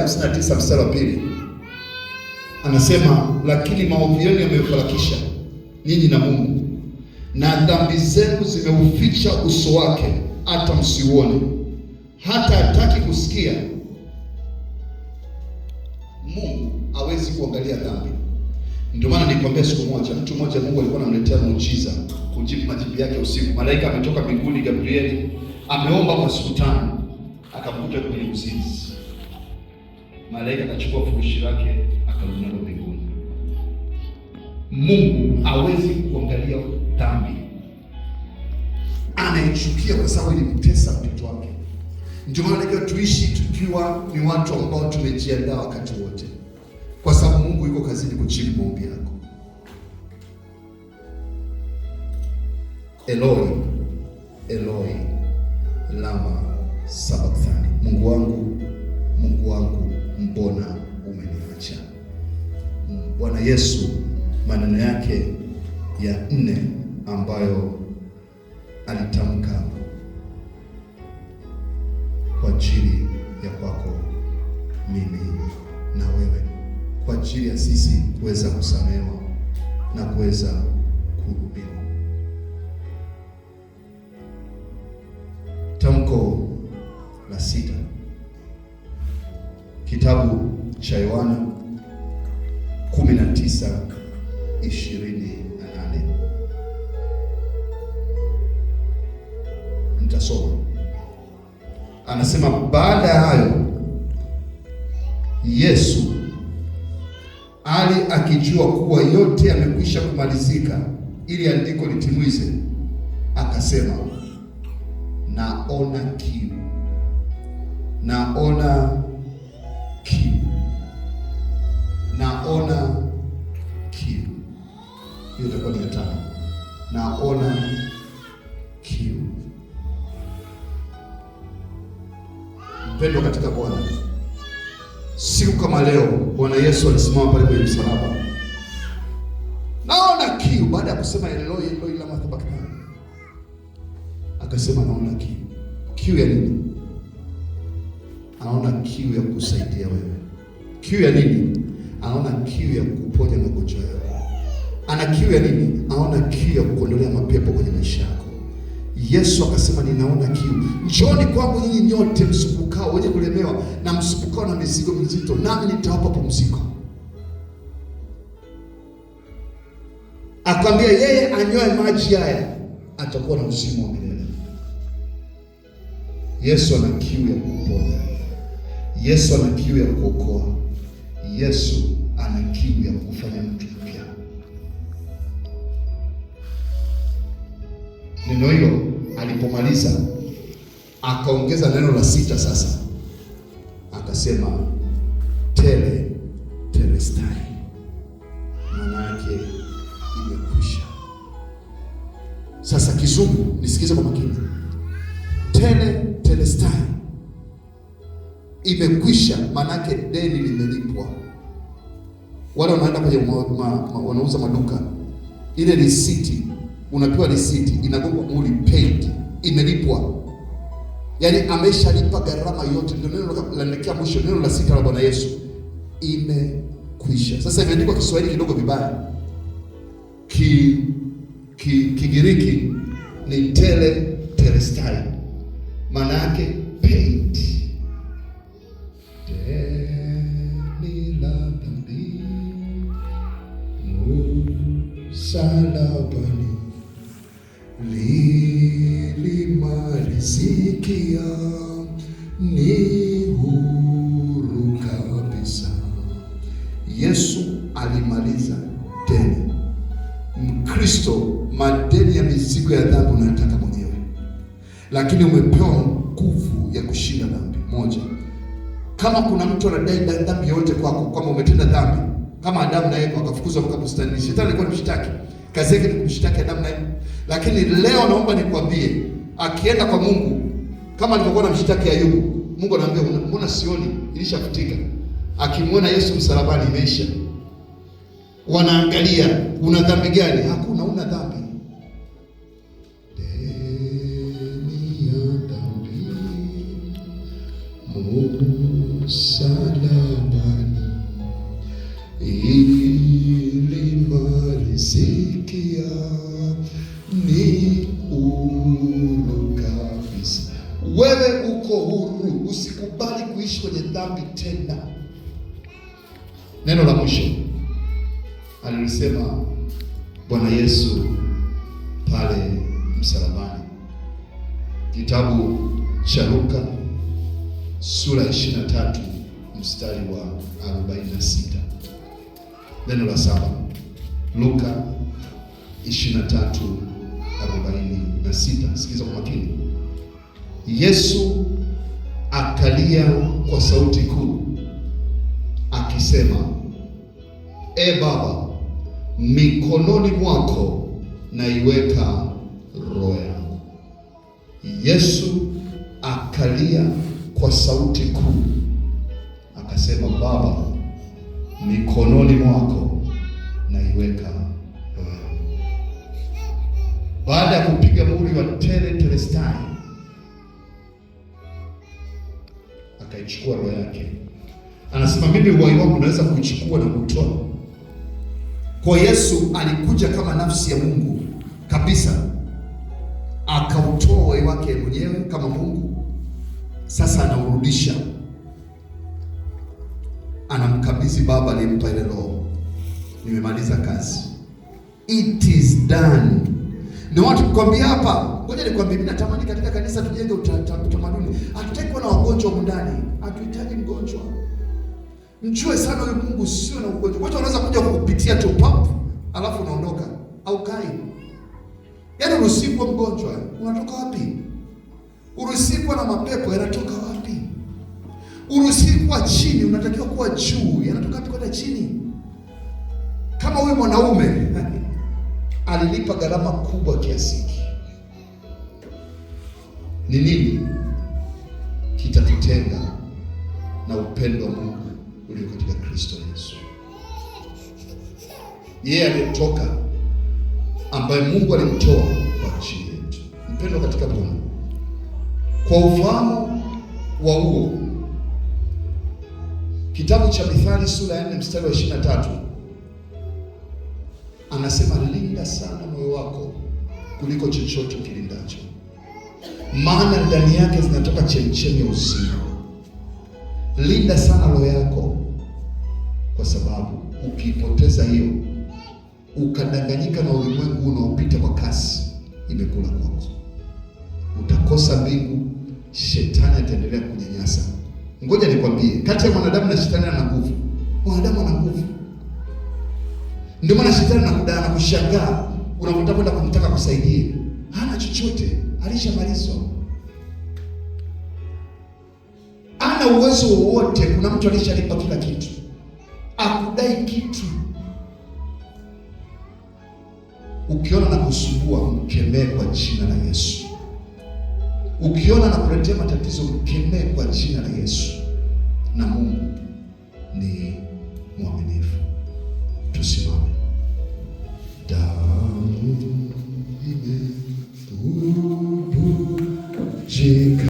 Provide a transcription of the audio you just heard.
59 mstari wa pili anasema, lakini maovu yenu yamefarakisha ninyi na Mungu, na dhambi zenu zimeuficha uso wake, hata msiuone, hata hataki kusikia. Mungu hawezi kuangalia dhambi. Ndio maana nikwambia, siku moja, mtu mmoja Mungu alikuwa anamletea muujiza kujibu majibu yake usiku. Malaika ametoka mbinguni, Gabrieli, ameomba kwa siku tano, akamkuta kwenye uzinzi malaika akachukua furushi lake akalunalo mbinguni. Mungu hawezi kuangalia dhambi, anaichukia kwa sababu ilimtesa mtoto wake. Ndio maana ndio tuishi tukiwa ni watu ambao tumejiandaa wakati wote, kwa sababu Mungu yuko kazini kuchimba maombi yako. Eloi, Eloi lama sabakthani, Mungu wangu, Mungu wangu mbona umeniacha? Bwana Yesu, maneno yake ya nne ambayo alitamka kwa ajili ya kwako mimi na wewe, kwa ajili ya sisi kuweza kusamewa na kuweza Kitabu cha Yohana 19:28 mtasoma anasema, baada ya hayo Yesu ali akijua kuwa yote yamekwisha kumalizika, ili andiko litimwize akasema naona kiu, naona kiu, naona kiu. Hiyo itakuwa ni ya tano. Naona kiu. Mpendwa katika Bwana, siku kama leo Bwana Yesu alisimama pale kwenye msalaba, naona kiu. Baada ya kusema eloi eloi lama sabakthani, akasema naona kiu. Kiu ya nini? anaona kiu ya kusaidia wewe. Kiu ya nini? Anaona kiu ya kuponya magonjwa yako. Ana kiu ya nini? Anaona kiu ya kukondolea mapepo kwenye maisha yako. Yesu akasema, ninaona kiu, njooni kwangu nyinyi nyote msumbukao, wenye kulemewa na msumbukao na mizigo mizito, nami nitawapa pumziko. Akwambia yeye anyoe maji haya atakuwa na uzima wa milele. Yesu ana kiu ya Yesu ana kiu ya kuokoa. Yesu ana kiu ya kufanya mtu mpya. Neno hilo alipomaliza, akaongeza neno la sita. Sasa akasema tele telestai, maana yake imekwisha. Sasa kizungu, nisikize kwa makini, tele imekwisha, maanake deni limelipwa. Wale wanaenda kwenye wanauza maduka, ile risiti unapewa risiti, inagongwa muli paid, imelipwa. Yaani ameshalipa gharama yote. Ndio neno lanaelekea mwisho, neno la sita la Bwana Yesu, imekwisha. Sasa imeandikwa Kiswahili kidogo vibaya, ki Kigiriki ni tele terestai, maana yake paid msalabani lilimalizikia, ni huru kabisa. Yesu alimaliza deni. Mkristo, madeni ya mizigo ya dhambi unataka mwenyewe, lakini umepewa nguvu ya kushinda dhambi. Moja. Kama kuna mtu anadai dhambi yote kwako, kama umetenda dhambi kama Adamu na Eva wakafukuzwa kutoka bustanini, shetani alikuwa anamshtaki, kazi yake ni kumshtaki Adamu na Eva. Lakini leo naomba nikwambie, akienda kwa Mungu kama alivyokuwa anamshtaki Ayubu, Mungu anaambia mbona sioni, ilishafutika. Akimwona Yesu msalabani, imeisha. Wanaangalia una dhambi gani? Hakuna, una dhambi Wewe uko huru, usikubali kuishi kwenye dhambi tena. Neno la mwisho alilisema Bwana Yesu pale msalabani, kitabu cha Luka sura 23 mstari wa 46. Neno la saba, Luka 23 46. Sikiza kwa makini. Yesu akalia kwa sauti kuu akisema, E Baba, mikononi mwako naiweka roho yangu. Yesu akalia kwa sauti kuu akasema, Baba, mikononi mwako naiweka roho yangu. Baada ya kupiga muhuri wa Tetelestai akaichukua roho yake. Anasema mimi uhai wangu naweza kuichukua na kuitoa. Kwa Yesu alikuja kama nafsi ya Mungu kabisa, akautoa uhai wake mwenyewe kama Mungu. Sasa anaurudisha, anamkabidhi Baba aliyempa ile roho. Nimemaliza kazi, it is done. Ndio watu nikwambia hapa, ngoja nikwambie, mimi natamani katika kanisa tujenge utamaduni. Hatutaki kuwa na wagonjwa huko ndani, hatuhitaji mgonjwa. Mjue sana huyu Mungu, sio na ugonjwa. Watu wanaweza kuja kukupitia tu pop, alafu unaondoka au kai. Yaani uruhusi mgonjwa, unatoka wapi? Urusikwa na mapepo, yanatoka wapi? Urusikwa chini, unatakiwa kuwa juu, yanatoka wapi kwenda chini? Kama huyu mwanaume alilipa gharama kubwa kiasi hiki. Ni nini kitatutenga na upendo wa Mungu ulio katika Kristo Yesu? Yeye aliyetoka, ambaye Mungu alimtoa kwa ajili yetu. Mpendo katika Bwana, kwa ufahamu wa huo, kitabu cha Mithali sura ya 4 mstari wa 23 anasema linda sana moyo wako kuliko chochote kilindacho, maana ndani yake zinatoka chemchemi ya uzima. Linda sana roho yako, kwa sababu ukipoteza hiyo, ukadanganyika na ulimwengu unaopita kwa kasi, imekula kwako, utakosa mbingu, shetani ataendelea kunyanyasa. Ngoja nikwambie, kati ya mwanadamu na shetani ana nguvu. Mwanadamu ana nguvu ndio maana shetani anakudana na kushangaa unakuta kwenda kumtaka kusaidie, hana chochote, alishamalizwa, ana uwezo wowote. Kuna mtu alishalipa kila kitu, akudai kitu. Ukiona na kusumbua, mkemee kwa jina la Yesu. Ukiona na kuletea matatizo, mkemee kwa jina la Yesu na Mungu ni